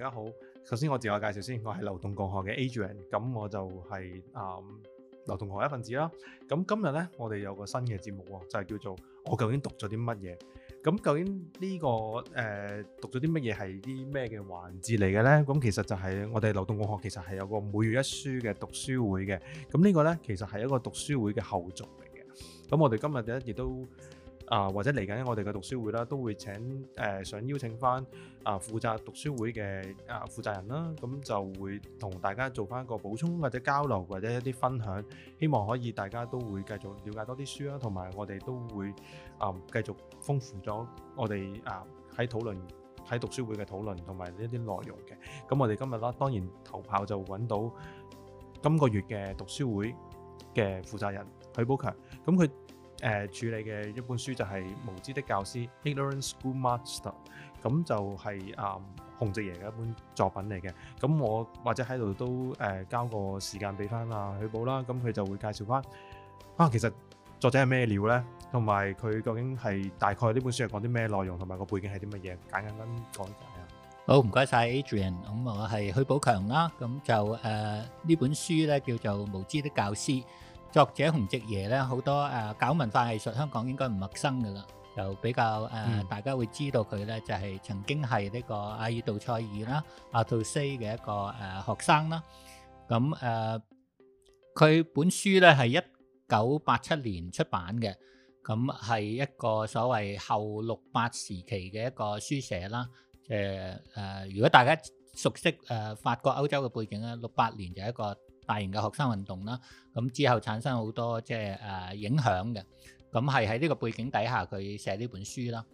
大家好，首先我自我介紹先，我係流動共學嘅 Adrian，咁我就係啊流動共學一份子啦。咁今日呢，我哋有個新嘅節目喎，就係叫做我究竟讀咗啲乜嘢？咁究竟呢個誒讀咗啲乜嘢係啲咩嘅環節嚟嘅呢？咁其實就係我哋流動共學其實係有個每月一書嘅讀書會嘅。咁呢個呢其實係一個讀書會嘅後續嚟嘅。咁我哋今日呢亦都。啊，或者嚟緊我哋嘅讀書會啦，都會請誒想邀請翻啊負責讀書會嘅啊負責人啦，咁就會同大家做翻個補充或者交流或者一啲分享，希望可以大家都會繼續瞭解多啲書啦，同埋我哋都會啊繼續豐富咗我哋啊喺討論喺讀書會嘅討論同埋呢啲內容嘅。咁我哋今日啦，當然頭炮就揾到今個月嘅讀書會嘅負責人許寶強，咁佢。誒處理嘅一本書就係《無知的教師》（Ignorant Schoolmaster），咁就係啊洪席耶嘅一本作品嚟嘅。咁我或者喺度都誒交個時間俾翻啊許寶啦，咁佢就會介紹翻啊其實作者係咩料咧，同埋佢究竟係大概呢本書係講啲咩內容，同埋個背景係啲乜嘢，簡簡單簡講解。好，唔該曬 Adrian。咁我係許寶強啦。咁就誒呢本書咧叫做《無知的教師》。作者洪席耶咧，好多誒、啊、搞文化藝術，香港應該唔陌生㗎喇，就比較誒、啊嗯、大家會知道佢咧，就係、是、曾經係呢個阿爾杜塞爾啦、阿杜西嘅一個誒學生啦。咁誒佢本書咧係一九八七年出版嘅，咁係一個所謂後六八時期嘅一個書寫啦。誒、呃、誒、呃，如果大家熟悉誒、呃、法國歐洲嘅背景咧，六八年就係一個，大型嘅學生運動啦，咁之後產生好多即、呃、影響嘅，咁係喺呢個背景底下佢寫呢本書啦。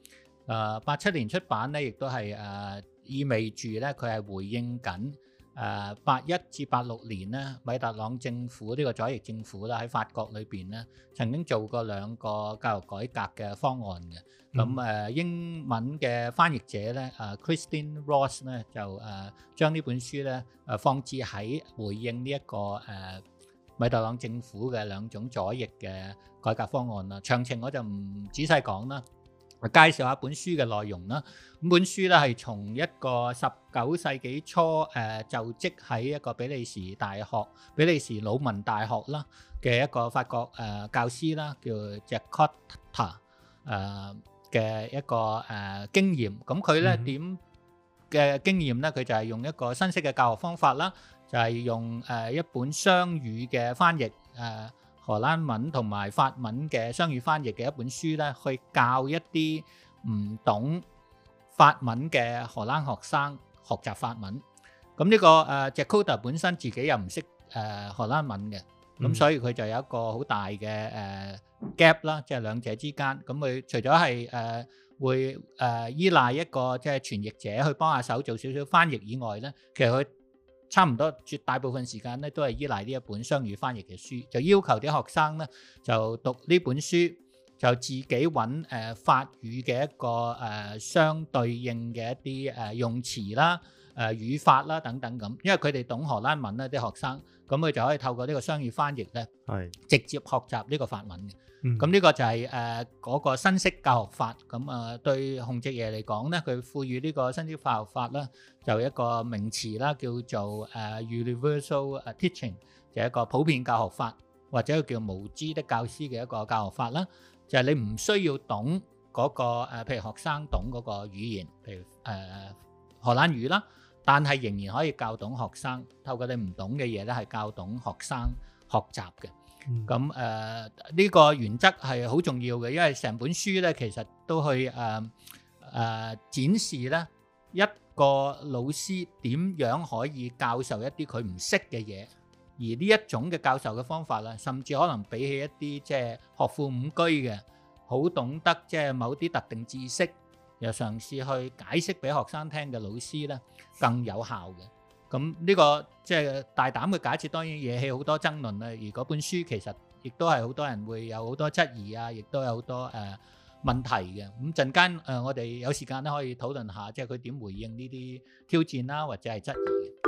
誒八七年出版呢，亦都係、呃、意味住咧佢係回應緊。誒八一至八六年咧，米特朗政府呢、這個左翼政府啦，喺法國裏邊咧曾經做過兩個教育改革嘅方案嘅。咁誒、嗯、英文嘅翻譯者咧，誒 Kristin Ross 咧就誒將呢本書咧誒放置喺回應呢、這、一個誒、呃、米特朗政府嘅兩種左翼嘅改革方案啦。詳情我就唔仔細講啦。介紹下本書嘅內容啦。咁本書咧係從一個十九世紀初誒、呃、就職喺一個比利時大學、比利時魯汶大學啦嘅一個法國誒、呃、教師啦，叫 Jacotot 誒嘅一個誒、呃、經驗。咁佢咧點嘅經驗咧？佢就係用一個新式嘅教學方法啦，就係、係、用誒一本雙語嘅翻譯誒，呃荷蘭文同埋法文嘅雙語翻譯嘅一本書咧，去教一啲唔懂法文嘅荷蘭學生學習法文。咁、嗯、呢、嗯、個誒 Jacotot 本身自己又唔識誒荷蘭文嘅，咁、嗯、所以佢就有一個好大嘅誒、呃、gap 啦，即係兩者之間。咁、嗯、佢除咗係誒會誒、呃、依賴一個即係傳譯者去幫下手做少少翻譯以外咧，其實佢差唔多絕大部分時間咧，都係依賴呢一本雙語翻譯嘅書，就要求啲學生咧就讀呢本書，就自己揾、誒、呃、法語嘅一個誒、呃、相對應嘅一啲誒、呃、用詞啦。誒、呃、語法啦等等咁，因為佢哋懂荷蘭文咧，啲學生咁佢就可以透過呢個雙語翻譯咧，是直接學習呢個法文嘅。咁呢、嗯、個就係誒嗰個新式教學法。咁啊、呃，對孔積爺嚟講咧，佢賦予呢個新式教學法啦，就一個名詞啦，叫做誒、呃、universal teaching，就係一個普遍教學法，或者叫無知的教師嘅一個教學法啦。就係、是、你唔需要懂嗰、那個、呃、譬如學生懂嗰個語言，譬如誒、呃、荷蘭語啦。但係仍然可以教懂學生，透過你唔懂嘅嘢咧，係教懂學生學習嘅。咁誒呢個原則係好重要嘅，因為成本書咧其實都去誒誒展示咧一個老師點樣可以教授一啲佢唔識嘅嘢，而呢一種嘅教授嘅方法啦，甚至可能比起一啲即係學富五車嘅，好懂得即係某啲特定知識，又嘗試去解釋俾學生聽嘅老師呢，更有效嘅。咁呢、這個即係、就是、大膽嘅假設，當然惹起好多爭論啦。而嗰本書其實亦都係好多人會有好多質疑啊，亦都有好多誒、呃、問題嘅。咁陣間我哋有時間都可以討論下，即係佢點回應呢啲挑戰啦、啊，或者係質疑。